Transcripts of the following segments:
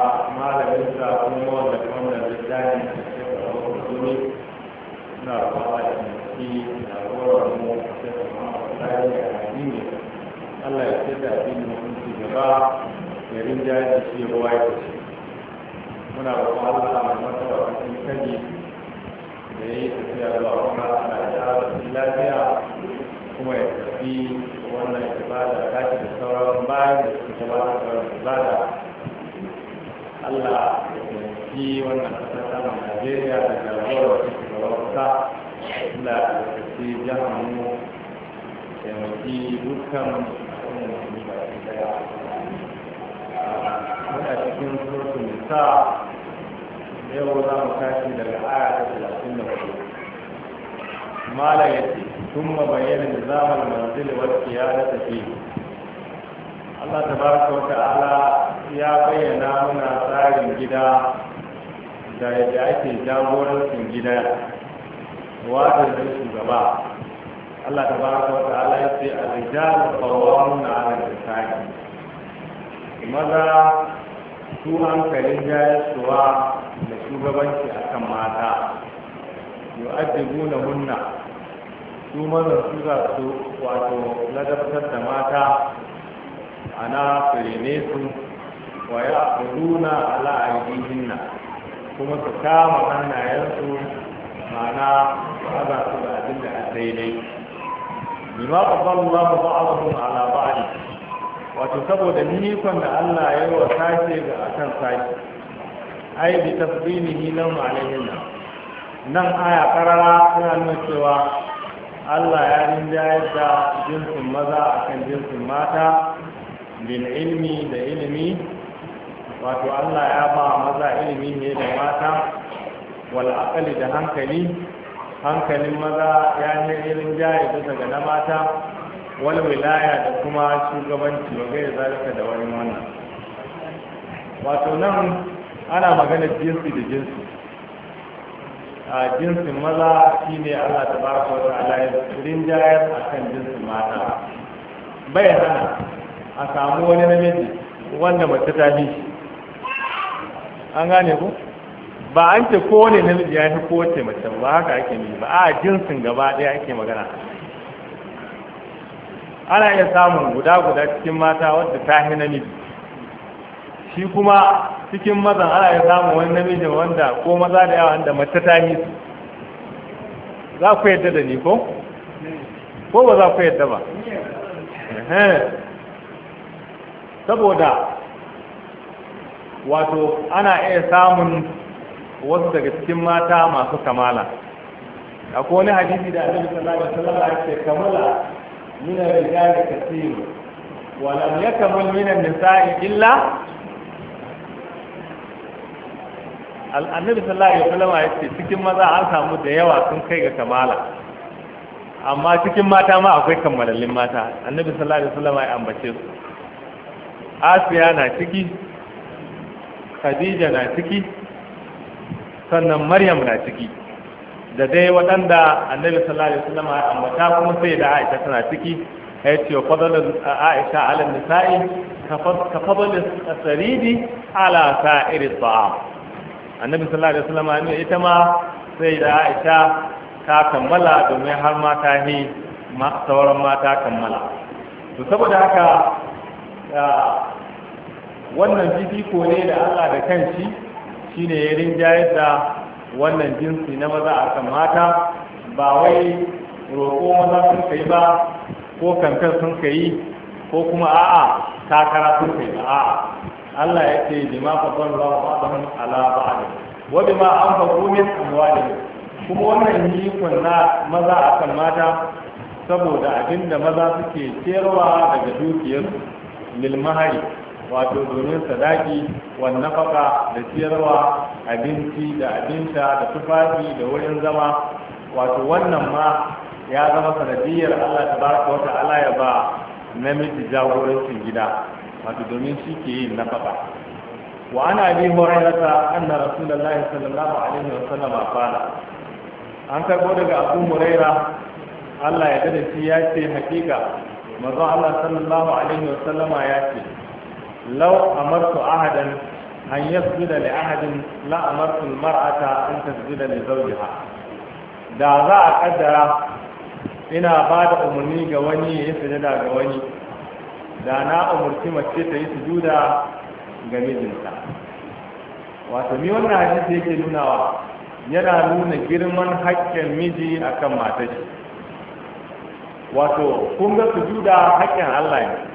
malamin sa kuma wanda kuma da littafi da ke kawo kuduri na kuma da ki na Allah ya ce da addini mun ci gaba ya rinja da shi ruwa ya ce muna ba Allah mai mata wa kan kaji da yi tafiya zuwa kuma ana da lafiya kuma ya tafi wannan ibada ta da sauran bayan da suka gabatar da ibada Allah yi wannan kasar samun Najeriya da jagorar wata shugaban kasa da albarkaci jihar mu taimaki dukkan al'ummar musulmi ba su daya. Muna cikin surutun nisa yau za mu tashi daga aya ta talatin da hudu. Mala ya ce, ya بين نظام Allah ta فيه. الله wata ala. ya bayyana muna tsarin gida da yadda ake jagorancin gida wata zai shugaba Allah ta baraka wa ta'ala ya ce a rijal qawwamun 'ala al-nisa'i maza su hankalin jayarsuwa da shugabanci akan mata yu'addibuna hunna su maza su za su wato ladabtar da mata ana firene su wa ya na ala aidihinna kuma su kama hannayensu ma'ana ba za su da abin da a daidai bima qaddallahu ba'dahum ala ba'd wato saboda nikon da Allah ya yi wa sashe ga akan sashe ai bi tasbinihi lahum alaihinna nan aya karara suna nuna cewa Allah ya rinjayar da jinsin maza akan jinsin mata bil ilmi da ilimi wato Allah ya ba maza ilimi ne da mata wal asali da hankali hankalin maza ya ne irin jaye bisa daga na mata wal wilaya da kuma shugabanci wa gaira zalika da wani wannan wato nan ana magana jinsi da jinsi a jinsin maza shi ne allah ta ba ku wata alayin a kan jinsin mata bai hana a samu wani namiji wanda mace ta shi an gane ku ba an ce ne namiji ya fi kowace mace ba haka ake ne ba a jinsin gaba ɗaya ake magana ana iya samun guda guda cikin mata wadda ta fi namiji shi kuma cikin mazan ana iya samun wani namiji wanda ko maza da yawa wanda mace ta hi za ku yadda da ni ko ko ba za ku yadda ba saboda wato ana iya samun wasu daga cikin mata masu kamala akwai wani hadisi da annabi sallallahu alaihi wasallam ya ce kamala min ya rijal kathir wa lam yakmul min an-nisa'i illa annabi sallallahu alaihi wasallam ya ce cikin maza an samu da yawa sun kai ga kamala amma cikin mata ma akwai kammalallin mata annabi sallallahu alaihi wasallam ya ambace su asiya na ciki khadija na ciki sannan maryam na ciki da dai waɗanda annabi sallallahu alaihi wasallam ya ambata kuma sai da aisha tana ciki ya ce wa fadalin aisha ala nisa'i ka fadalin saridi ala sa'iri ta'am annabi sallallahu alaihi wasallam ya ita ma sai da aisha ta kammala domin har mata ne sauran mata kammala to saboda haka wannan fifiko ne da Allah da shi shine ya rinjayar da wannan jinsi na maza a kan mata ba wai roƙo maza sun kai ba ko kankan sun kai ko kuma a'a takara sun kai ba a'a Allah ya ce bima fadlan Allah ba'dahum ala ba'd wa bima anfaqu min ne. kuma wannan yi kunna maza a kan mata saboda abinda maza suke cewa daga dukiyar lil mahari wato domin sadaki wannafaka da ciyarwa abinci da abinta da tufafi da wurin zama wato wannan ma ya zama sanadiyar Allah ta baraka wata ala ya ba namiji jagorancin gida wato domin shi ke yin nafaka wa ana bi hurairata anna rasulullahi sallallahu alaihi wa sallam qala an karbo daga abu Muraira Allah ya dade shi ya ce hakika manzo Allah sallallahu alaihi wa sallama ya ce لو أمرت أحدا أن يسجد لأحد لا أمرت المرأة أن تسجد لزوجها da za a kaddara ina ba da umarni ga wani ya sujada ga wani da na umarci mace ta yi sujuda ga mijinta wato mi wannan hadisi yake nunawa yana nuna girman haƙƙin miji akan matar wato kun ga sujuda haƙƙin Allah ne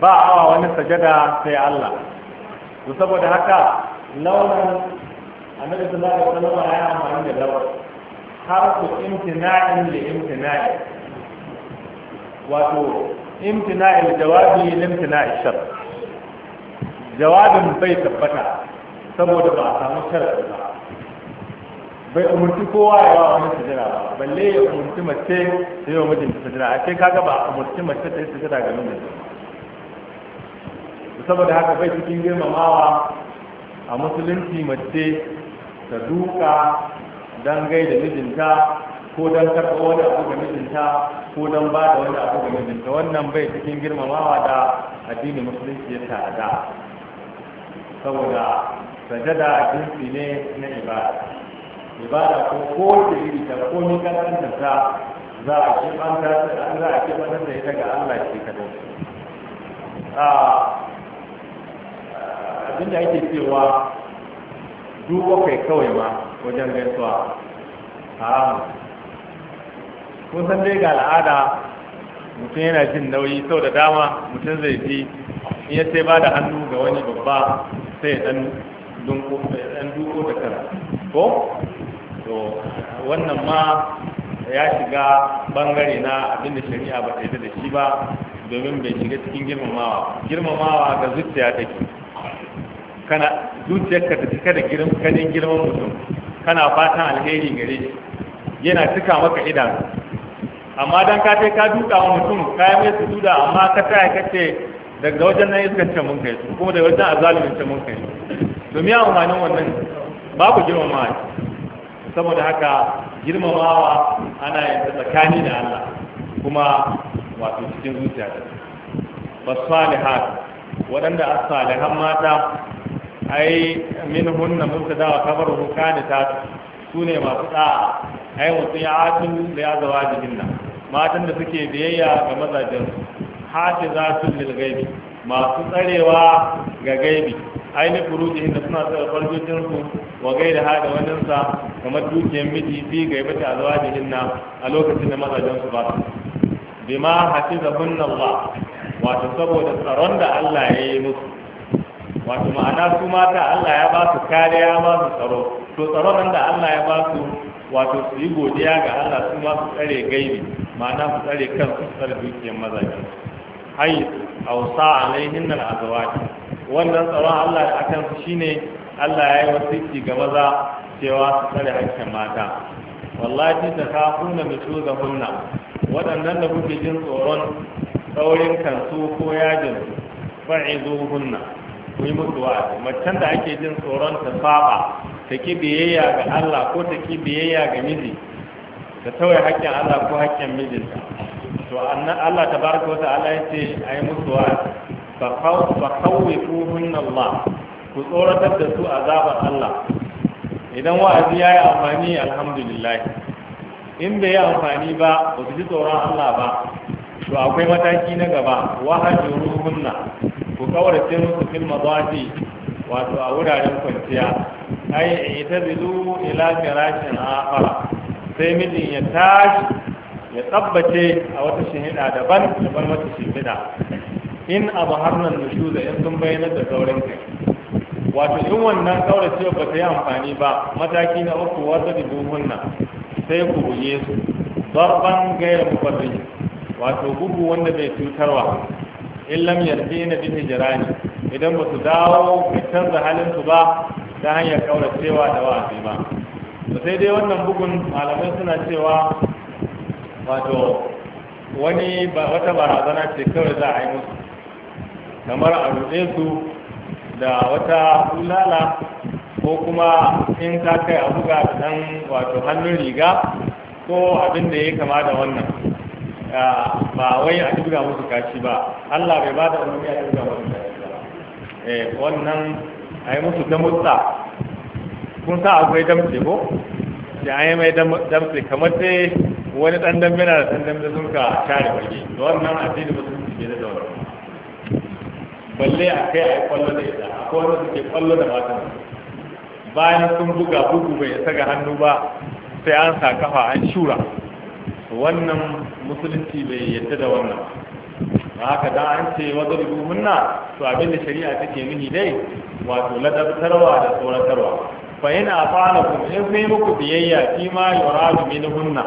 ba a awa wani sajada sai Allah to saboda haka launin annabi sallallahu alaihi wasallam ya amfani da lawan ku imtina'in li imtina'i wato imtina'il jawabi li imtina'i shar jawabin bai tabbata saboda ba a samu sharadi ba bai umurci kowa ya wa wani sajada ba balle ya umurci mace ta yi wa mijinta sajada a ce kaga ba a umurci mace ta yi sajada ga mijinta saboda haka bai cikin girmamawa a musulunci mace ta duka don da mijinta ko don karɓa wani abu ga mijinta ko don ba da wani abu ga mijinta wannan bai cikin girmamawa da addinin musulunci ya tada saboda sajada jinsi ne na ibada ibada ko ko iri ta ko ni kankanta ta za a kibanta za a kibanta da ita ga Allah shi kadai ah, abinda ake cewa duk kai kawai ma wajen gaisuwa haramu kun san dai ga al'ada mutum yana jin nauyi sau da dama mutum zai fi in ya sai ba da hannu ga wani babba sai ya dan duko da kara ko to wannan ma ya shiga bangare na abinda shari'a ba ta yi da shi ba domin bai shiga cikin girmamawa girmamawa ga zuciya take kana zuciyarka ta cika da ganin kanin girman mutum kana fatan alheri gare shi yana cika maka idanu amma dan ka kai ka duka wa mutum ka yi mai sujuda amma ka ta ka ce daga wajen nan iskar ce mun kai kuma daga wajen azalumin ce mun kai domin ya umarnin wannan babu girmamawa saboda haka girmamawa ana yin tsakani da Allah kuma wato cikin zuciya ta fasalihat waɗanda a salihan mata ai min hunna mubtada wa khabaruhu ta sune masu da'a ai mutiyaatun da ya zawa jihinna matan da suke biyayya ga mazajen su lil ghaibi masu tsarewa ga gaibi ne furujihin da suna tsara su, wa gaida hada wannan sa, kamar dukiyar miji fi gaibata a zuwa jihinna a lokacin da su ba su bima da hunna Allah wato saboda tsaron da Allah ya yi musu wato ma'ana su mata Allah ya ba su kariya ba su tsaro to tsaro nan da Allah ya ba su wato su yi godiya ga Allah su ma su tsare gaibi ma'ana su tsare kan su tsare dukiyar mazaje hayy awsa alaihin nan azwaj wannan tsaron Allah a kan su shine Allah ya yi wasiki ga maza cewa su tsare hakkin mata wallahi ta kafuna nusuzahunna waɗannan da kuke jin tsoron saurin kansu ko yajin fa'izuhunna ku yi musu wa'azi macen da ake jin tsoron ta saba ta ki biyayya ga Allah ko ta ki biyayya ga miji ta tauye hakkin Allah ko hakkin mijinta to annan Allah tabaraka wa ta'ala ce ayi musu wa'azi fa kawai fa qawifuhunna Allah ku tsoratar da su azabar Allah idan wa'azi ya yi amfani alhamdulillah in bai yi amfani ba ba su ji tsoron Allah ba to akwai mataki na gaba wahajuru hunna ku kawarce musu fil madaji wato a wuraren kwanciya ai ita bizu ila firashin akhara sai mijin ya tashi ya tabbace a wata shahida daban daban wata shahida in abu harnan nushuza in sun bayyana da saurin kai wato in wannan kaurace ba ta yi amfani ba mataki na uku wata da buhunna sai ku buye su zarban gaira mubarri wato bugu wanda bai cutarwa in lam yarjina bi hijrani idan ba su dawo bi canza halin ba ta hanyar kauracewa da wa'azi ba to sai dai wannan bugun malamai suna cewa wato wani wata barazana ce kawai za a yi musu kamar a rute su da wata ulala ko kuma in ka kai a buga nan wato hannun riga ko abin da ya kama da wannan ba wai a duga musu kashi ba Allah bai ba da umarni a duga musu kashi ba eh wannan a yi musu damutsa kun sa akwai damtse ko da an yi mai damtse kamar sai wani ɗan dambe na da ɗan dambe sun ka share bage da wannan addini ba sun ke da daura balle a kai a yi kwallo da ita ko wanda suke kwallo da matan bayan sun buga bugu bai isa ga hannu ba sai an sa kafa an shura wannan musulunci bai yadda da wannan ba haka da an ce wadda rubumunna to abinda shari'a take nuni dai wato ladabtarwa da tsoratarwa fa yana fara ku in sai muku biyayya fi ma yuradu minhunna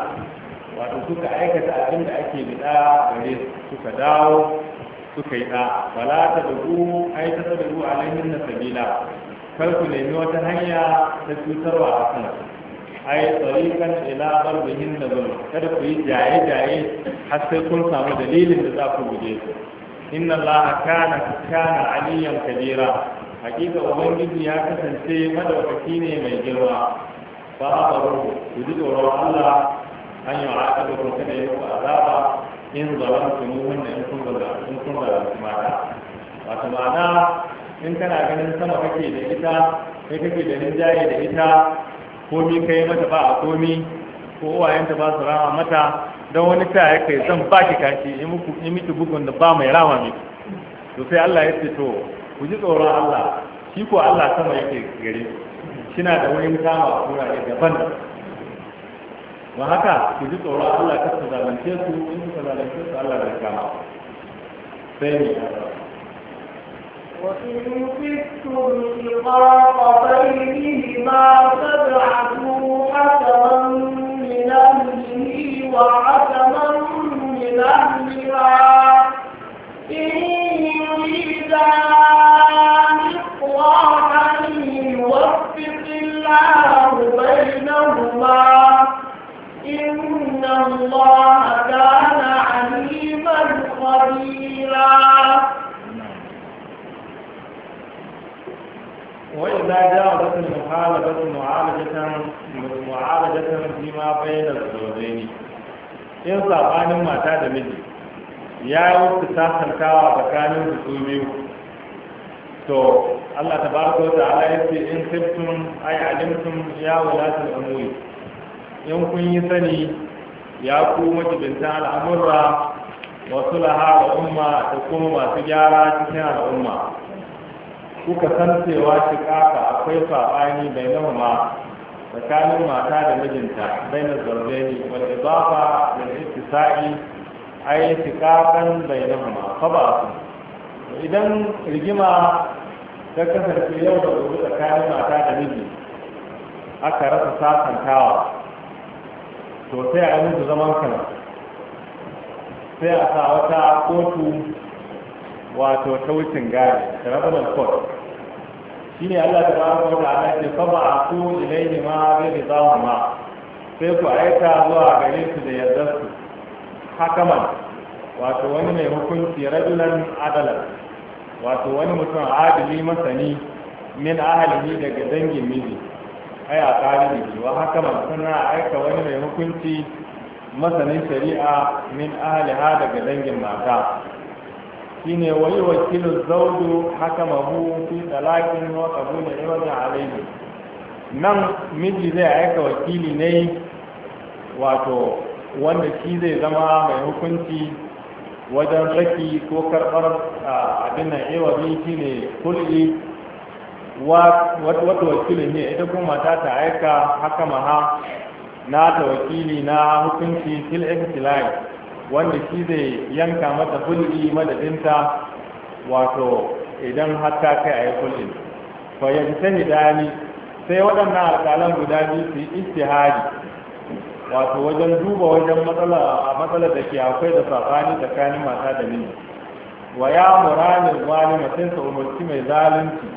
wato suka aikata abinda ake bida gare suka dawo suka yi da bala ta dubu ai ta dubu alaihin na sabila kar ku nemi wata hanya ta cutarwa a kansu ai tsarikan ila barbihin da bar kada ku yi jaye jaye har sai kun samu dalilin da za ku guje su inna allaha kana kana aliyan kabira hakika ubangiji ya kasance madaukaki ne mai girma ba a ku ji tsoron allah an yi wa aka ku kada yi ku azaba in zaran ku mu wanda in kun gaza in kun gaza su mata wato ma'ana in kana ganin sama kake da ita kai kake da rinjaye da ita komi kai mata ba a komi ko uwayenta ba su rama mata don wani ta ya kai zan ba ki kashi yi miki bugun da ba mai rama miki to sai Allah ya ce to ku ji tsoron Allah shi ko Allah sama yake gare shina da wani kama kura ne daban ba haka ku ji tsoron Allah kar ku su in ku zalunce su Allah da kama sai ne وإن خفتم شقاق بينهما فابعثوا حكما من أهله وحكما من أهلها إن يريدا إصلاحا يوفق الله بينهما مطالبة معالجة معالجة فيما بين الزوجين إن صابان ما تاد مجي يا وقت ساخن كاوا بكانوا بسوميو تو الله تبارك وتعالى يسي إن خبتم أي علمتم يا ولاة الأمور إن كن يسني يا قومة بنتان الأمر وصلها الأمة تكون ما تجارة تكون الأمة kuka san cewa shiƙaƙa akwai saɓani bai nama tsakanin mata da mijinta bai na zargani wal idafa lil ittisa'i shi shiƙaƙan bai nama fa ba su idan rigima ta kasance yau da gobe tsakanin mata da miji aka rasa sasantawa to sai a yi zaman kan sai a sa wata kotu wato ta wucin gari ta rabanar kotu shi ne Allah ta bawa da ala ce fa a ku ilaihi ma bai da zawon ma sai ku aika zuwa gare su da yardar su hakaman wato wani mai hukunci rajulan adalan wato wani mutum adili masani min ahalihi daga dangin miji ai a kalibi wa hakaman suna aika wani mai hukunci masanin shari'a min ahaliha daga dangin mata shine wai wakilu zaudu haka mahu fi talakin wa qabul ibadi alayhi nan miji zai aika wakili ne wato wanda shi zai zama mai hukunci wajen saki ko karbar abin nan ewabi shi ne kulli wata wakili ne ita kuma mata ta aika haka maha na ta wakili na hukunci fil iktilai wanda shi zai yanka mata hulɗi madadinta wato idan har ta kai a yi hulɗin fa yajtani dani sai waɗannan alƙalan guda biyu su yi istihari wato wajen duba wajen matsala da ke akwai da saɓani tsakanin mata da miji wa ya muranin zalima sai su umarci mai zalunci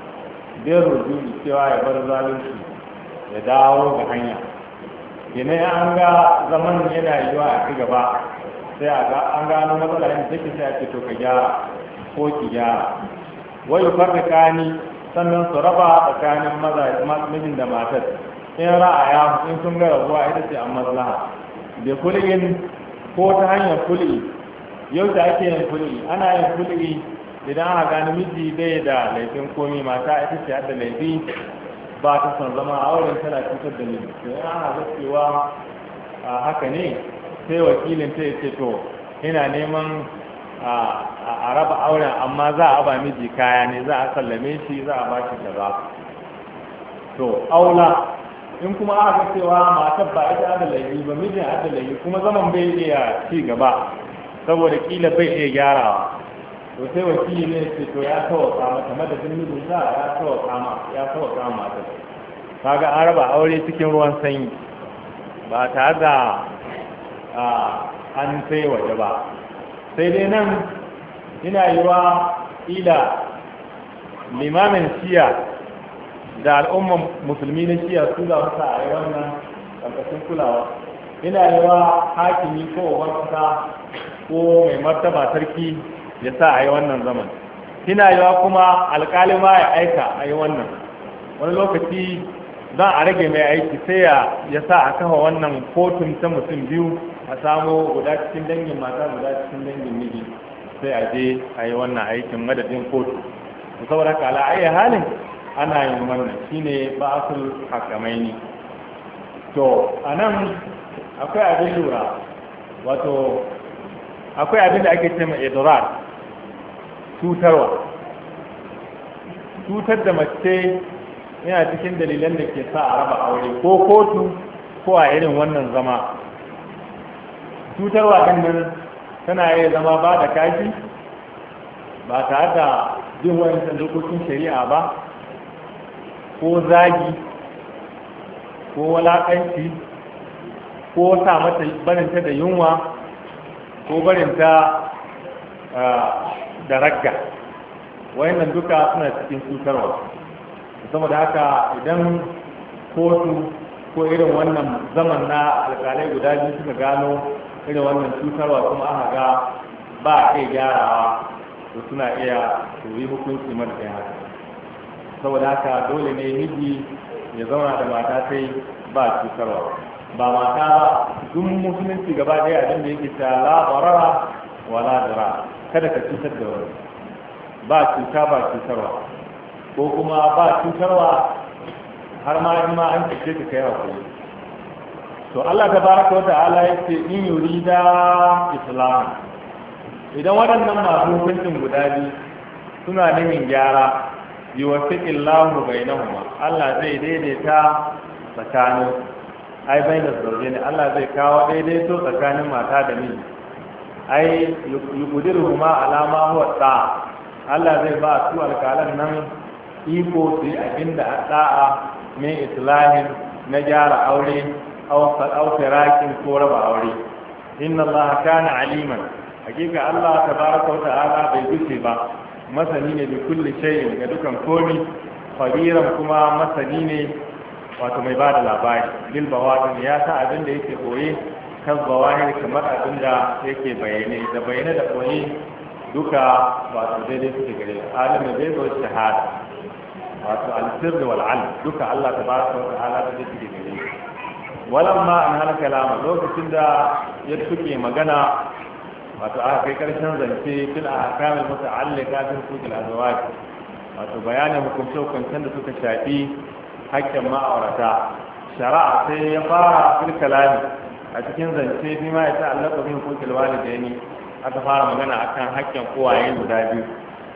bin rujuni cewa ya bar zalunci ya dawo ga hanya ina an ga zaman yana yiwa a ci gaba sai a ga an gano matsala yin take sai a ce to ka gyara ko ki gyara wai farka ni sannan su raba tsakanin mijin da matar in ra'aya in sun ga rabuwa ita ce an maslaha da kulin ko ta hanyar kuli yau da ake yin kuli ana yin kuli idan aka gani miji bai da laifin komi mata ita ce hada laifi ba ta son zama a wurin tana cutar da miji sai ana gaskewa a haka ne sai wakilin ta ce to ina neman a raba auren amma za a ba miji kaya ne za a sallame shi za a ba shi ba. to aula in kuma aka cewa matar ba ita adalayi ba mijin adalayi kuma zaman bai iya ci gaba saboda kila bai iya gyarawa to sai wakili ne ce to ya tawaka da jin mijin za ya tawaka kama ya tawaka mata kaga an raba aure cikin ruwan sanyi ba tare da a an sai waje ba sai dai nan ina yi wa ila limamin shiya da al'ummar musulmi na shiya su za su a yi wannan ƙarƙashin kulawa ina yi wa hakimi ko wata ko mai martaba sarki ya sa a yi wannan zaman ina yi wa kuma alƙali ma ya aika a yi wannan wani lokaci za a rage mai aiki sai ya sa a kafa wannan kotun ta mutum biyu a samo guda cikin dangin mata guda cikin dangin miji sai a je a yi wannan aikin madadin kotu saboda a ala'ayyar halin ana yin wannan shine ba hakamai ne. to a nan akwai abin lura wato akwai abin da ake cewa idorar cutarwa cutar da mace yana cikin dalilan da ke sa a raba aure ko kotu ko a irin wannan zama cutarwa kan nan tana yi zama ba da kashi ba tare da jin wani dokokin shari'a ba ko zagi ko walaƙanci ko sa mata barinta da yunwa ko barinta da ragga wayannan duka suna cikin cutarwa saboda haka idan kotu ko irin wannan zaman na alkalai guda biyu suka gano irin wannan cutarwa kuma aka ga ba a kai gyarawa to suna iya koyi yi hukunci mara kai haka saboda haka dole ne miji ya zauna da mata sai ba cutarwa ba mata ba duk musulunci gaba ɗaya abin da yake ta labarara wa ladara. kada ka cutar da wani ba cuta ba cutarwa ko kuma ba cutarwa har ma in ma an cike ka kai hakuri to Allah ta baraka wa ta'ala ya ce in yurida islam idan waɗannan masu hukuncin guda biyu suna nemin gyara yuwaffiqillahu bainahuma Allah zai daidaita tsakanin ai bainar ne. Allah zai kawo daidaito tsakanin mata da miji ai yuqdiruhuma ala ma huwa ta Allah zai ba su alƙalan nan iko su yi abinda a da'a mai islahin na gyara aure aw firakin ko raba aure inna allaha kana aliman hakika allah tabaraka wa ta'ala bai guce ba masani ne bi kulli shay'in ga dukan komi khabiran kuma masani ne wato mai bada labari lil bawadin ya ta abin da yake koye kan zawahir kamar abin da yake bayyane da bayyane da koye duka wato daidai suke gare alimin zai zo shahada wato al-sirr wal duka Allah tabaraka wa ta'ala da yake gare ma an hana kalama lokacin da ya tuke magana wato aka kai karshen zance fil ahkamil muta'alliqa bi hukukil azwaj wato bayanin hukuncin hukuncen da suka shafi hakkin ma'aurata shari'a sai ya fara fil kalami a cikin zance bi ma ya ta'allaka bi da yani aka fara magana akan hakkin kowaye guda biyu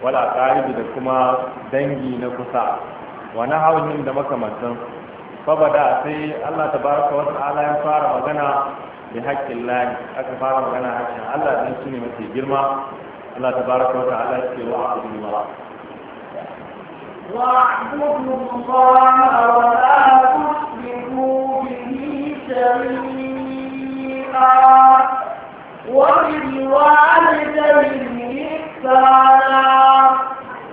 wala qaribi da kuma dangi na kusa wa nahawin da makamantansu fabada sai Allah tabaraka wa ta'ala ya fara magana bi haƙƙin lahi aka fara magana haƙƙin Allah dan shine mafi girma Allah tabaraka wa ta'ala ya ce wa abdullah واعبدوا الله ولا تشركوا به شيئا وبالوالدين إحسانا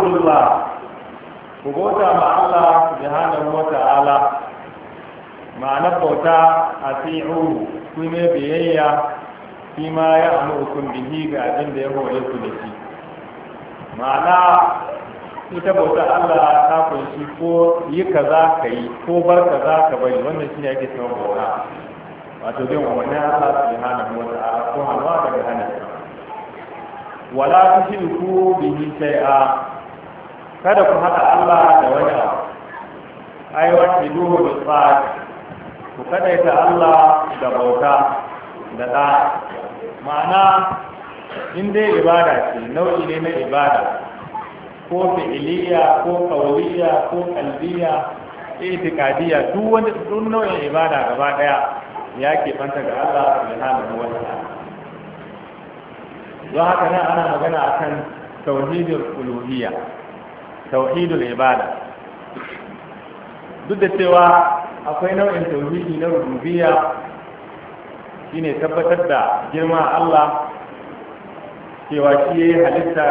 abdullah ku bauta ma Allah subhanahu wa ta'ala ma'anar bauta a tsi'u ku ne biyayya fi ma ya amurkun bihi ga abin da ya hore ku da shi ma'ana ita bauta Allah ta kunshi ko yi kaza ka yi ko bar kaza ka bari wannan shi ne ake cewa bauta wato bin umarnin Allah subhanahu wa ta'ala ko hanwa daga hannun wala tushriku bihi shay'a kada ku haɗa Allah da wani abu ai duhu da tsari ku kadaita Allah da bauta da ɗa ma'ana in dai ibada ce nau'i ne na ibada ko fi'iliya ko kawaliya ko kalbiya itikadiya duk wani duk nau'in ibada gaba daya ya ke fanta ga Allah da subhanahu da ta'ala don haka nan ana magana akan tauhidin uluhiyya tauhidul ibada duk da cewa akwai nau'in tauhidi na rububiyya shine tabbatar da girma Allah cewa shi yayi halitta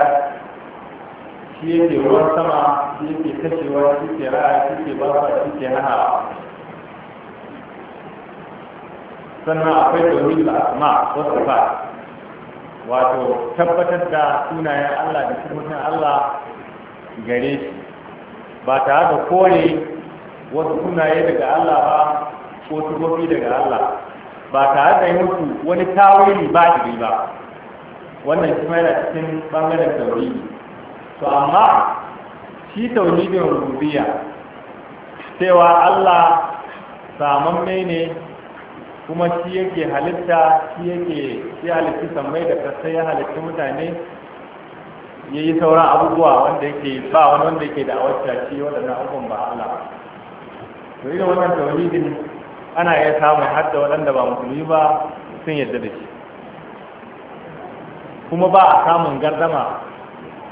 shi yake ruwan sama shi yake kashewa shi ke ra'a shi ke bafa shi ke hana sannan akwai tauhidul asma wa sifat wato tabbatar da sunayen Allah da sunan Allah gare shi ba tare da kore wasu sunaye daga Allah ba ko sigofi daga Allah ba tare da yi wani tawili ba diri ba wannan shi yana cikin bangaren tauri to amma shi tauhidin rububiyya cewa Allah samamme ne kuma shi yake halitta shi yake shi halitta sammai da kasa ya halitta mutane ya yi sauran abubuwa wanda yake ba wani wanda yake da awacca shi waɗannan abubuwan ba Allah to ina wannan tauhidin ana iya samun har da waɗanda ba musulmi ba sun yarda da shi kuma ba a samun gardama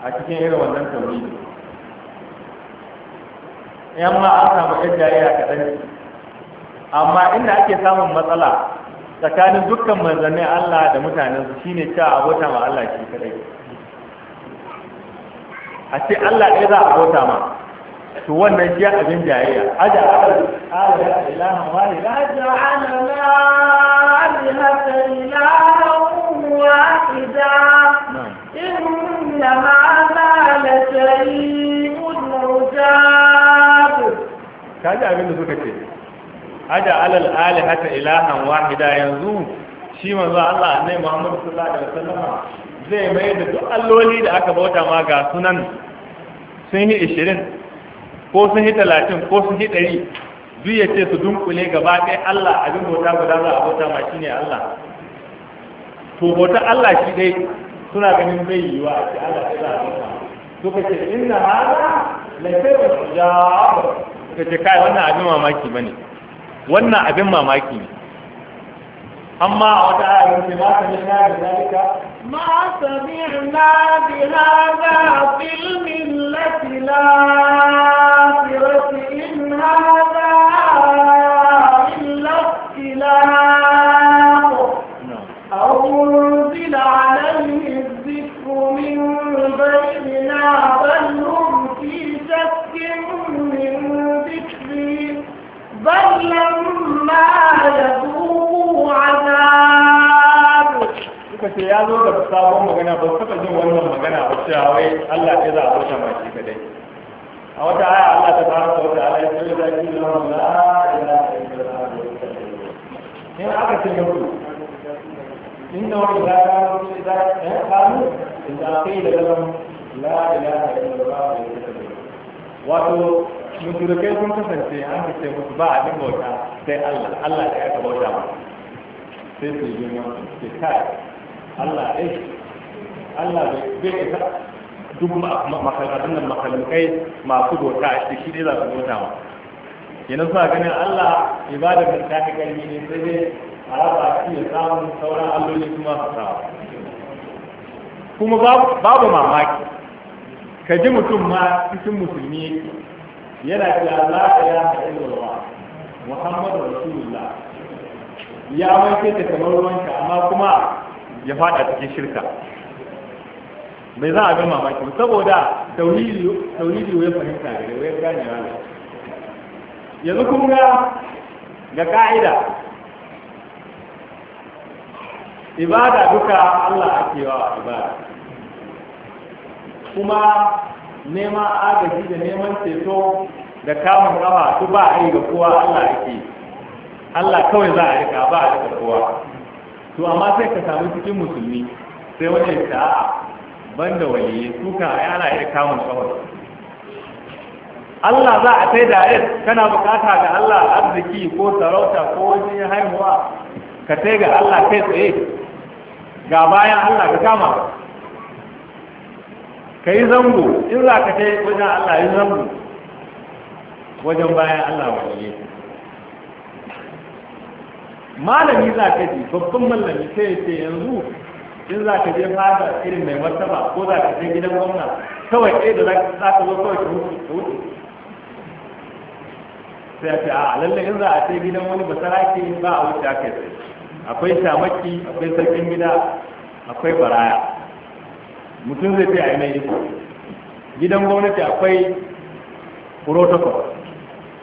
a cikin irin wannan tauhidin yan ma an samu yan jariya kaɗan amma inda ake samun matsala tsakanin dukkan manzannin Allah da mutanensu shine cewa abota ma Allah shi kadai a ce Allah ɗaya za a bauta ma to wannan shi abin jayayya aja ala aja ilaha kaji abin da suka ce aja alal, ilaha ilahan wahida yanzu shi manzo Allah annabi Muhammad sallallahu alaihi wasallam zai mai da duk alloli da aka bauta ma ga sunan sun yi ishirin ko sun yi talatin ko sun yi ɗari duk ya ce su dunkule gaba ɗaya Allah abin bauta guda za a bauta ma shine Allah to bautar Allah shi dai suna ganin bai yi wa ce Allah ya za a bauta suka ce inna hada la shay'un jaa suka ce kai wannan abin mamaki ba ne. wannan abin mamaki ne أما ودعا ما سمعنا بذلك ما سمعنا بهذا في الملة الآخرة إن هذا إلا اختلاف أنزل عليه الذكر من بيننا بل بل suka ce ya zo da sabon magana ba su jin wannan magana ba cewa wai Allah ya za a bauta ma shi kadai a wata aya Allah ta fara ta wata ala ya ce da shi la ilaha illallah in aka ce mutu inna wa la yi illallah in da kai da la ilaha illallah wato mushrikai sun kasance an ka musu ba abin bauta sai Allah Allah da ya bauta ba sai su yi ma ce kai Allah eh Allah bai isa duk makalakatun da makalakai masu bauta a shi ne za su bauta ba yanzu suna ganin Allah ibada mai ta fi ne sai dai a raba shi ya samu sauran alloli kuma su samu kuma babu mamaki ka ji mutum ma cikin musulmi yake yana cewa la ilaha illallah muhammadu rasulullah ya wanke ta kamar ruwanka amma kuma ya fada cikin shirka bai za a ga mamaki saboda tauridi ya fahimta da wayar ganewa rana yanzu kun ga ga ka'ida ibada duka Allah ake wa ibada kuma nema agaji da neman ceto da kamun kawa su ba a yi ga kowa Allah ake Allah kawai za a rika ba a ga kowa to amma sai ka samu cikin musulmi sai wani ya ta ban da waliye su kan ai ana yi kamun kafa Allah za a sai da kana bukata ga Allah arziki ko sarauta ko wani haihuwa ka sai ga Allah kai tsaye ga bayan Allah ka kama ka yi zango in za ka kai wajen allah yi zango wajen bayan allah ne malami za ka ji babban malami sai ce yanzu in za ka je fada irin mai martaba ko za ka je gidan gwamna kawai ɗaya da za ka zo kawai ka wuce sai ce a lalle in za a ce gidan wani basarake ba a wuce aka yi akwai shamaki akwai sarkin gida akwai baraya mutum zai fi a yi mai iko gidan gwamnati akwai protocol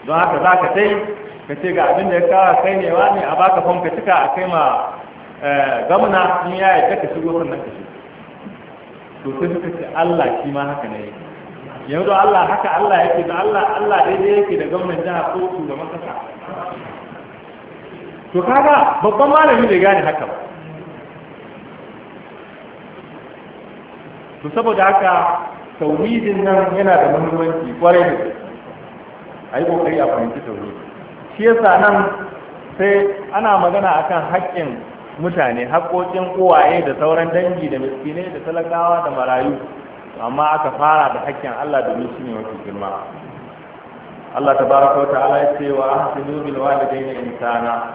don haka za ka sai ka ce ga abin da ya kawo kai ne wani a baka ka cika a kai ma eh, gamna sun ya yi ka shigo nan ka shigo to sai suka ce Allah shi ma haka ne yanzu Allah haka Allah yake da Allah Allah daidai yake da gwamnan jiha ko shugaban kasa to kaga babban malami bai gane haka ba to saboda haka tauhidin nan yana da muhimmanci kwarai da a yi kokari a fahimci tauhidi shi yasa nan sai ana magana akan haƙƙin mutane haƙƙoƙin uwaye da sauran dangi da miskinai da talakawa da marayu amma aka fara da haƙƙin Allah domin shi ne mafi girma Allah tabaraka wa ta'ala ya ce wa ahsinu bil walidayni insana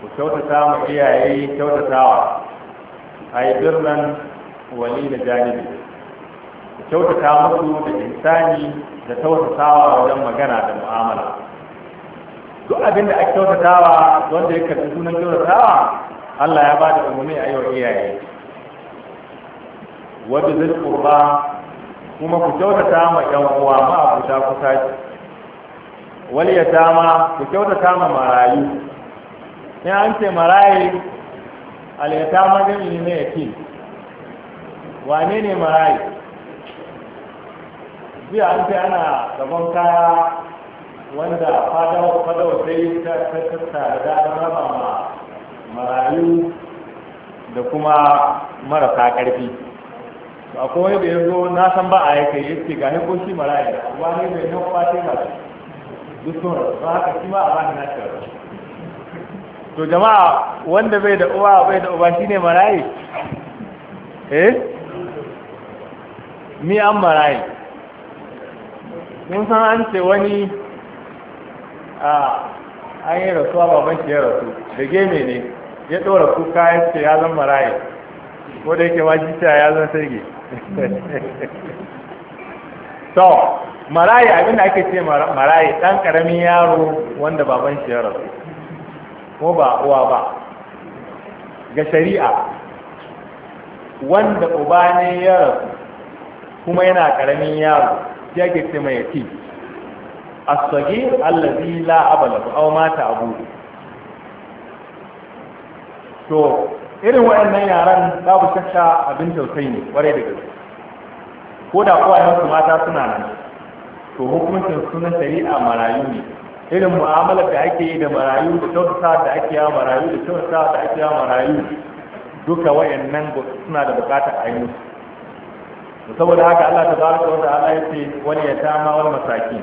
ku kyautata mu iyaye kyautatawa ai birnan. wani da janibi da kyautata musu da insani da tautatawa wajen magana da mu'amala duk abin da ake kyautatawa wanda ya karbi sunan kyautatawa Allah ya ba da umarni a yau iyaye wadda zai kurba kuma ku kyautata ma yan uwa ma abuta kusa wani ya tama ku kyautata ma marayu in an ce marayu al yatama gani ne yatim wane ne marayi biya an fi ana gaban kaya wanda fadawar ta yi ta tattara da an raba ma marayu da kuma marasa ƙarfi a kowai da ya zo na san ba a yi kai yake ga ko shi marayi wane mai nan kwace ba duk sun ba haka shi ma a bani na shi to jama'a wanda bai da uwa bai da uba shine marayi eh mi an marayi Mun san an ce wani a an yi rasuwa baban shi ya rasu da gemi ne ya ɗora kuka ya ce ya zan marayi ko da yake wajita ya zan sarge so marayi abin da ake ce marayi ɗan ƙaramin yaro wanda baban shi ya rasu ko ba uwa ba ga shari'a wanda uba ne ya rasu kuma yana karamin yaro ya ke ce mai yati a sage allazi la'abala. abala aw mata abu to irin waɗannan yaran babu shakka abin tausayi ne ware da gaske ko da su mata suna nan to hukuncin suna shari'a marayu ne irin mu'amalar da ake yi da marayu da kyautata da ake yawa marayu da kyautata da ake yawa marayu duka wayannan suna da bukatar ainihi saboda haka Allah ta baraka wa ta'ala ya ce ya tama wal masakin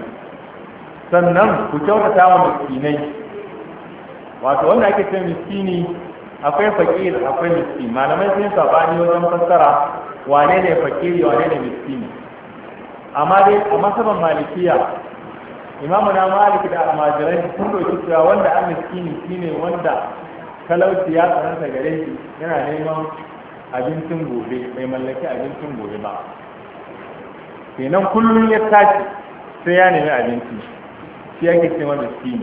sannan ku kyautata wa miskinai wato wanda ake ce miskini akwai fakir akwai miskin malamai sun sabani wajen fassara wane ne fakiri wane ne miskini amma dai a masaban malikiya imamu na malik da almajirai sun doki cewa wanda an miskini shine wanda talauci ya tsananta gare shi yana neman abincin gobe bai mallaki abincin gobe ba kenan kullum ya tashi sai ya nemi abinci shi yake ce mana shi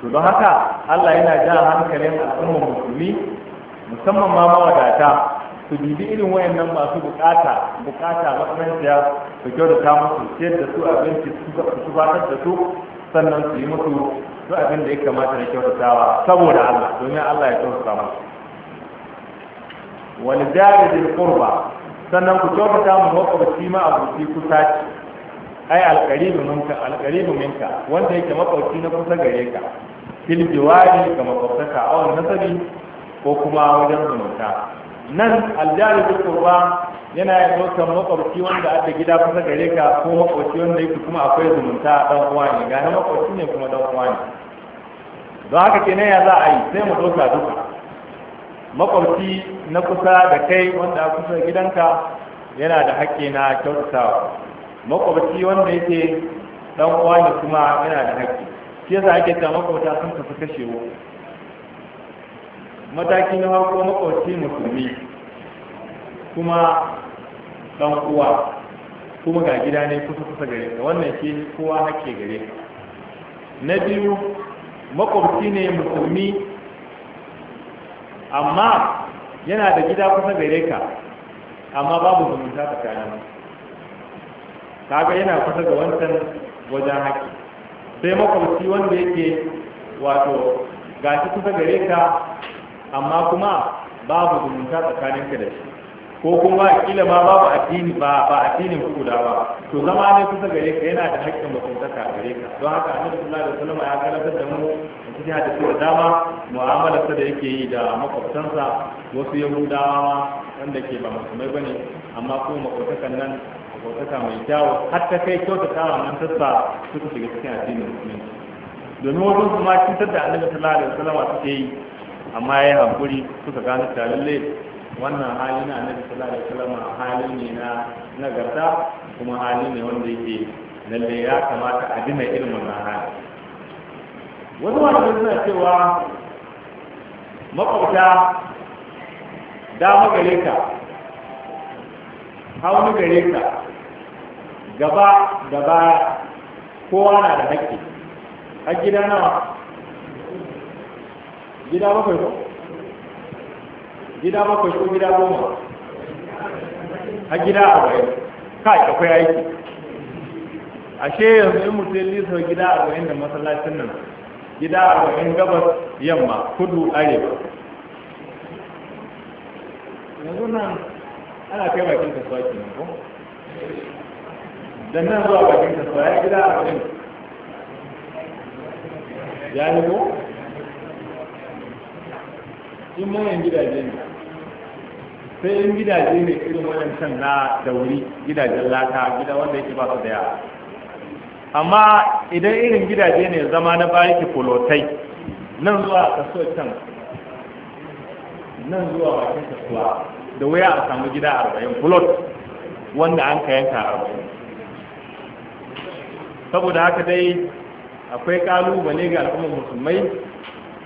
to don haka Allah yana ja hankalin al'ummar musulmi musamman ma mawadata su bibi irin wayannan masu bukata bukata matsananciya su kyautata musu ciyar da su abinci su fatar da su sannan su yi musu su abin da ya kamata na kyautatawa saboda Allah domin Allah ya kyautata musu wal jari bil qurba sannan ku kyautata mu shi ma abuci kusa sace ai alqaribu minka alqaribu minka wanda yake makwabci na kusa gare ka fil jiwari ga makwabtaka aw nasabi ko kuma wajen zumunta nan aljari bil qurba yana yin ɗaukar makwabci wanda ake gida kusa gare ka ko makwabci wanda yake kuma akwai zumunta dan uwa ne ga makwabci ne kuma dan uwa ne don haka kenan ya za a yi sai mu ɗauka duka makwabci na kusa da kai wanda a kusa gidanka yana da haƙƙi na kyautatawa makwabci wanda yake dan uwa ne kuma yana da haƙƙi shi yasa ake ta makwabta sun tafi kashe wo mataki na farko makwabci musulmi kuma dan uwa kuma ga gida ne kusa kusa gare ka wannan shi kowa haƙƙi gare ka na biyu makwabci ne musulmi amma yana da gida kusa gare ka amma babu zumunta tsakanin kaga yana kusa ga wancan wajen haƙi sai makwabci wanda yake wato gashi kusa gare ka amma kuma babu zumunta ka da shi ko kuma kila ma babu addini ba ba addinin ku da ba to zama ne kusa gare ka yana da haƙƙin mutuntaka gare ka don haka annabi sallallahu alaihi wasallam ya karantar da mu cikin hadisi da dama mu'amalarsa da yake yi da makwabtansa wasu yahudawa ma wanda ke ba musulmai bane amma kuma makwabtakan nan makwabtaka mai kyawu har ta kai kyautata wa nan tassa suka shiga cikin addinin musulunci domin wajen su cutar da annabi sallallahu alaihi wasallam suke yi amma ya yi haƙuri, suka gano ta wannan hali na annabi sallallahu alaihi wasallam hali ne na nagarta kuma hali ne wanda yake lalle ya kamata a dina irin wannan hali wani wanda suna cewa makwabta dama gare ka haunu gare ka gaba gaba kowa na da hakki. a gida nawa gida ko gida bakwai ko gida goma a gida arba'in kai akwai aiki ashe yanzu in mutum lisa gida arba'in da masallacin nan gida arba'in gabas yamma kudu arewa yanzu nan ana kai bakin kasuwa ke nan ko dan nan zuwa bakin kasuwa ya gida arba'in ya yi ko in manyan gidaje ne sai in gidaje ne irin can na dauri gidajen lata gida wanda yake ba su da yara amma idan irin gidaje ne zama na baya ke folotai, nan zuwa kaso can nan zuwa bakin kasuwa da waya a samu gida arba'in kulot wanda an ka yanka arba'in saboda haka dai akwai kalubale ga al'ummar musulmai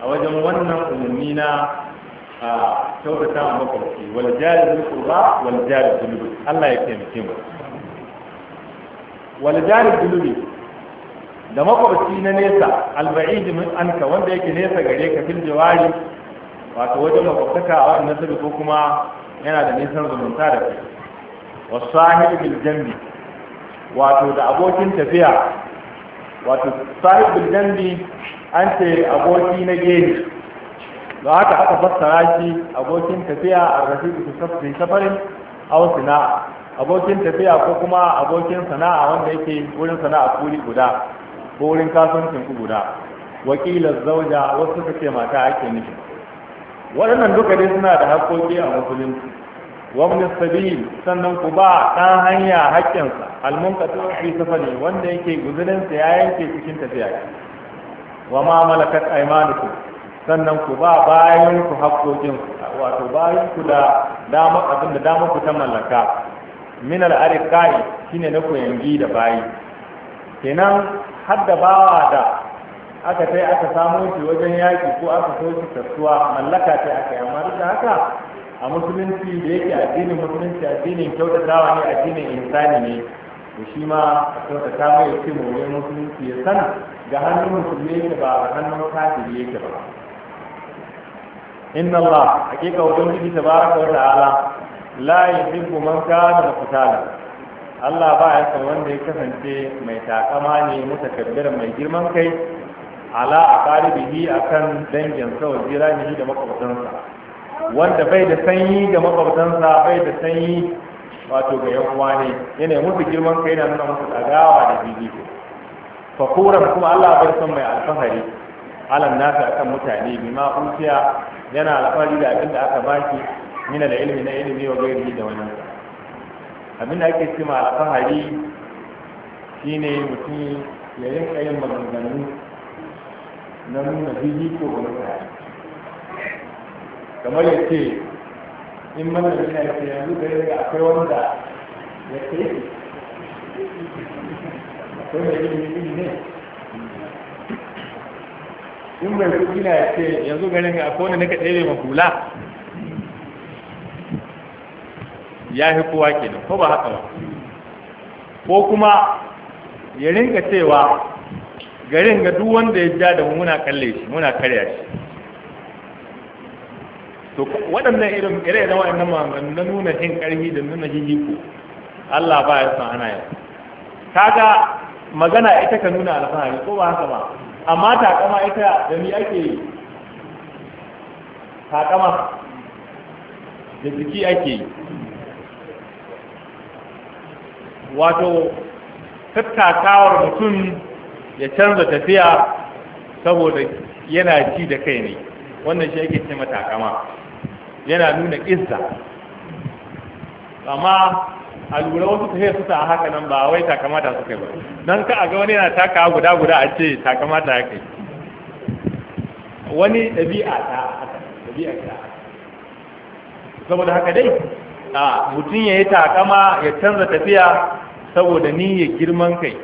a wajen wannan umarni na a kyautata wa makwabci wal jari zul qurba wal jari zunubi Allah ya taimake mu wal jari zunubi da makwabci na nesa alba'id min anka wanda yake nesa gare ka fil jawari wato wajen makwabtaka a wannan sabi ko kuma yana da nisan zumunta da kai wasahibi bil jambi wato da abokin tafiya wato sahibul jambi an ce aboki na gehe da haka aka fassara shi abokin tafiya a rafiqu safarin aw abokin tafiya ko kuma abokin sana'a wanda yake wurin sana'a kuri guda ko wurin kasuwancin ku guda wakilar zauja wasu suka ce mata ake nufi waɗannan duka dai suna da haƙƙoƙi a musulunci wani sabil sannan ku ba ɗan hanya haƙƙinsa almunkatu fi safari wanda yake guzurinsa ya yanke cikin tafiya wa ma malakat aymanukum sannan ku ba bayan ku haƙoƙin wato bayan ku da dama abin da dama ku ta mallaka min al-arqai shine na ku da bayi kenan har da bawa da aka sai aka samu shi wajen yaƙi ko aka so shi kasuwa mallaka ce aka yi amma da haka a musulunci da yake addinin musulunci addinin kyautatawa ne addinin insani ne to shi ma kyautata mai ce mu musulunci ya san ga hannun musulmi ne ba a hannun kafiri yake ba inna Allah hakika ubangiji tabaraka wa ta'ala la yuhibbu man kana mutala Allah ba ya san wanda ya kasance mai takama ne mutakabbir mai girman kai ala aqaribihi akan dangin sa wajira ne da makwabtansa wanda bai da sanyi ga makwabtansa bai da sanyi wato ga yan uwa ne yana musu girman kai yana nuna masa tsagawa da bibiko fakuran kuma Allah bai san mai alfahari alam nasa akan mutane ma usiya yana alfari da abin da aka baki mina da ilimi na ilimi wa gairi da wani abin da ake cima alfahari shine mutum ya yi yin maganganu na nuna biyu ko wani kamar ya ce in mana da yana ce yanzu da daga akwai wanda ya ce akwai mai ilimi ne in bai kuɗi na ya ce yanzu garin a kone na ka ɗebe ma hula ya fi kowa ke nan, ko ba haka ba ko kuma ya rinka cewa garin ga duk wanda ya ja da mu muna kalle shi muna karya shi to waɗannan irin ire da waɗannan maganganu na nuna hin ƙarfi da nuna hihiko Allah ba ya san ana yau kaga magana ita ka nuna alfahari ko ba haka ba amma takama ita da ni ake yi takama da jiki ake yi wato tattakawar mutum ya canza tafiya saboda yana ci da kai ne wannan shi ake ce matakama yana nuna izza amma a lura wasu ta su sa haka nan ba wai takamata suka ba nan ka a ga wani yana taka guda guda a ce takamata ya kai wani ɗabi'a ta haka ɗabi'a ta saboda haka dai a mutum ya yi takama ya canza tafiya saboda ni ya girman kai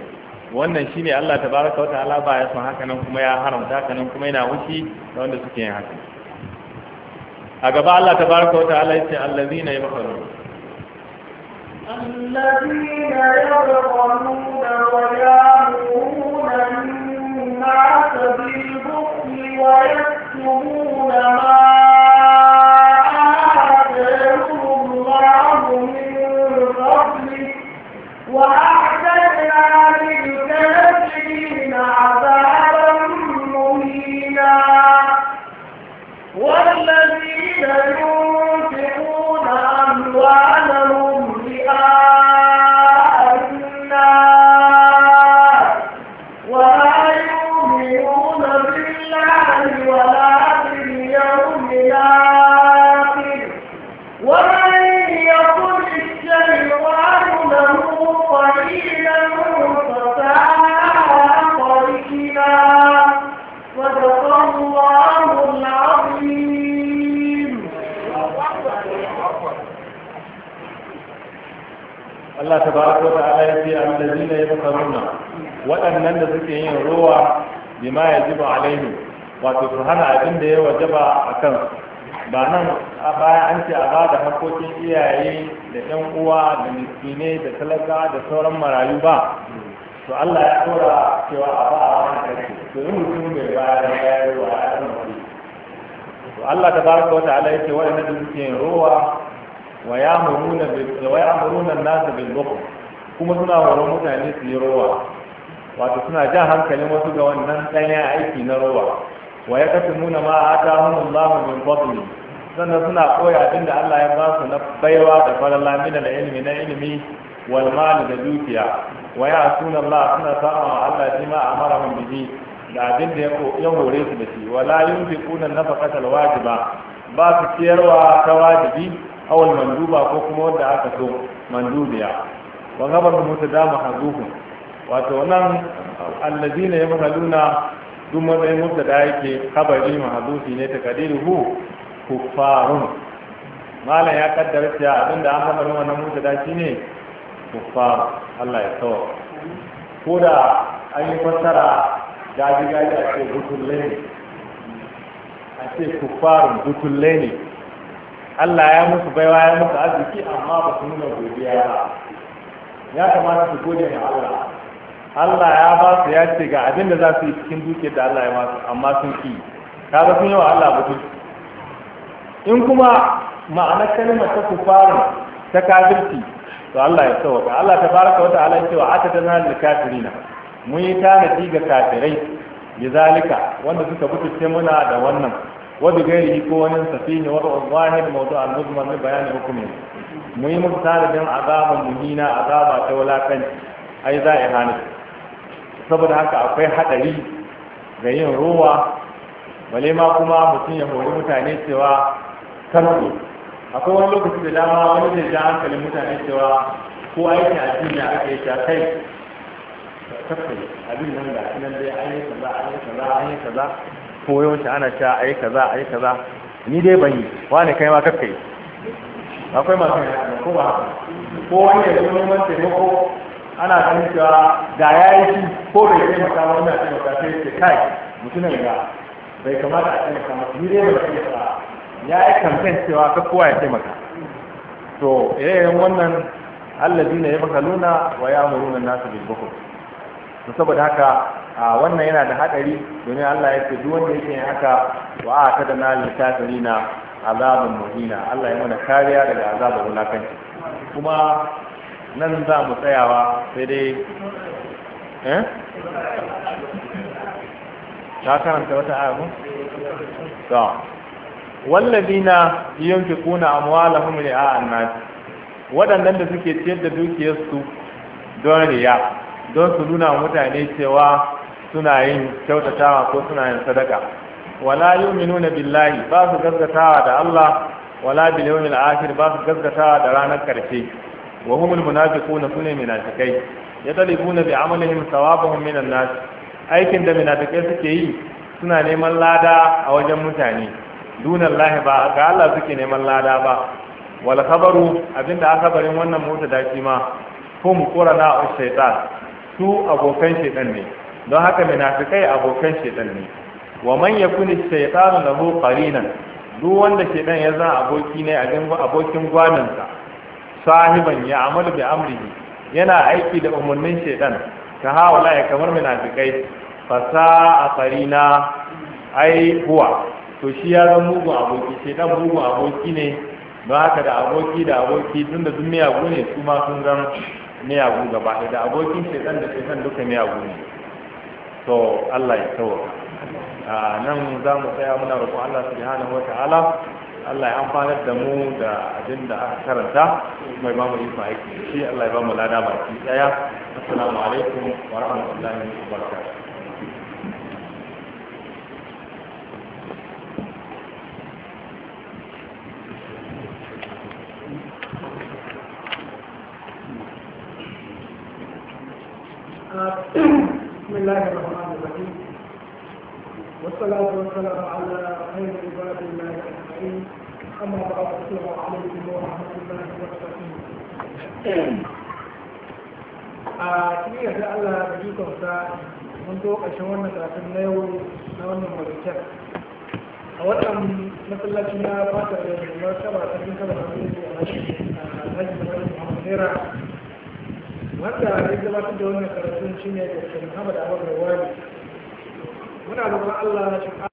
wannan shine Allah baraka wa ta'ala ba ya son haka nan kuma ya haramta haka nan kuma yana wuce da wanda suke yin haka a gaba Allah ta baraka wa ta'ala ya ce allazina yabkhurun الذين يبغلون ويعمرون الناس بالبخل ويكتمون ما آتاهم الله من فضله talaka da sauran marayu ba to Allah ya tsora cewa a ba a wani kashi to in mutum bai bayar da bayarwa ya san mutum to Allah ta baraka wa ta'ala yake waɗanda da suke yin rowa wa ya amuruna nasa bil bukhl kuma suna horon mutane su yi rowa wato suna jan hankalin wasu ga wannan ɗanyen aiki na rowa wa ya kasu nuna ma a ta hannun lahu min fadli sannan suna koya abin da Allah ya ba su na baiwa da falala min ilimi na ilimi wal da dukiya wa ya suna Allah suna samun Allah shi ma amara mun bihi da abin da ya hore su da shi wala yunfiquna nafaqatal wajiba ba su ciyarwa ta wajibi awal manduba ko kuma wanda aka so mandubiya wa gabar mutu da mahazuhu wato nan allazina yamhaluna duk matsayin mutta da yake kabari mahazufi ne ta kadiruhu kuffarun malam ya kaddara cewa abinda an kamar wannan mutta da shine kuffar Allah ya tsawo ko da an yi fassara gaji gaji a ce butulle ne a ce kuffarin butulle ne Allah ya musu baiwa ya musu arziki amma ba su nuna godiya ba ya kamata su gode ma Allah Allah ya ba su ya ce ga abin da za su yi cikin duke da Allah ya ba su amma sun ki kaga sun yi wa Allah butul. in kuma ma'anar kalmar ta kufarin ta kafirci to Allah ya sauka Allah wata wa ta'ala yake wa atadana lil kafirina mun yi tanadi ga kafirai bizalika wanda suka butuce muna da wannan wadda gairi ko wani safini, wa zahir mawdu al muzman li bayan hukmi mun yi muku tanadin azabun muhina azaba ta wulakan ai za a hana saboda haka akwai hadari ga yin ruwa balema kuma mutum ya hori mutane cewa karku akwai wani lokaci da dama wani zai ja hankalin mutane cewa ko aiki a duniya ake yi ta kai kafai abin nan da nan dai an yi kaza an yi kaza an yi kaza ko yawanci ana cewa a yi kaza a yi kaza ni dai ban yi wani kai ma kakai, akwai masu yana ko ba ko wani ya zo neman taimako ana ganin cewa da ya yi shi ko bai taimaka wani na taimaka sai ce kai mutumin da bai kamata a taimaka masu ni dai ba. taimaka ya yi kamfen cewa ka kowa ya taimaka to yayin wannan allazi ne ya maka nuna wa ya nuna nasu bil bukur to saboda haka wannan yana da hadari domin Allah ya ce duk wanda yake yin haka wa a kada na na azabun muhina Allah ya mana kariya daga azabar wulakanci kuma nan za mu tsayawa sai dai eh? ta karanta wata ayatu wallazina yunfiquna amwalahum ri'a an-nas waɗannan da suke ciyar da dukiyarsu don riya don su nuna mutane cewa suna yin kyautatawa ko suna yin sadaka wala yu'minuna billahi ba su gaskatawa da Allah wala bil yawmil akhir ba su gaskatawa da ranar karshe wa humul munafiquna sunne munafikai yatalibuna bi thawabahum minan nas aikin da munafikai suke yi suna neman lada a wajen mutane dunan lahi ba ga Allah suke neman lada ba wal khabaru abinda aka barin wannan mota da shi ma hum qurana shaytan su abokan shaytan ne don haka munafikai abokan shaytan ne wa man yakuni shaytan lahu qarinan duk wanda shaytan ya za aboki ne a gangu abokin sa sahiban ya amalu bi amrihi yana aiki da umurnin shaytan ka hawala ya kamar munafikai fasa a qarina ai huwa to shi ya zama mugu aboki sai dan mugu aboki ne ba haka da aboki da aboki tun da sun miyagu ne su ma sun zan miyagu gaba da abokin shaitan da shaitan duka miyagu ne to Allah ya tawo a nan za mu tsaya muna roƙon Allah subhanahu wa ta'ala Allah ya amfanar da mu da abin da aka karanta mai ba mu aiki shi Allah ya ba mu lada baki tsaya assalamu alaikum wa rahmatullahi wa barakatuh بسم الله الرحمن الرحيم والصلاة والسلام على خير عباد الله أجمعين أما بعد السلام عليكم ورحمة الله وبركاته آه، كيف يجعل الله بجوك وساء منذ أشهر نتاك النيوي نوان المريكات أولا مثل الله كنا باتر يجب الله سبعة تكين كبير أجمعين أجمعين أجمعين أجمعين أجمعين wanda ya gabatar da wannan karatun shi ne da muhammad abu wani muna roƙon allah na shi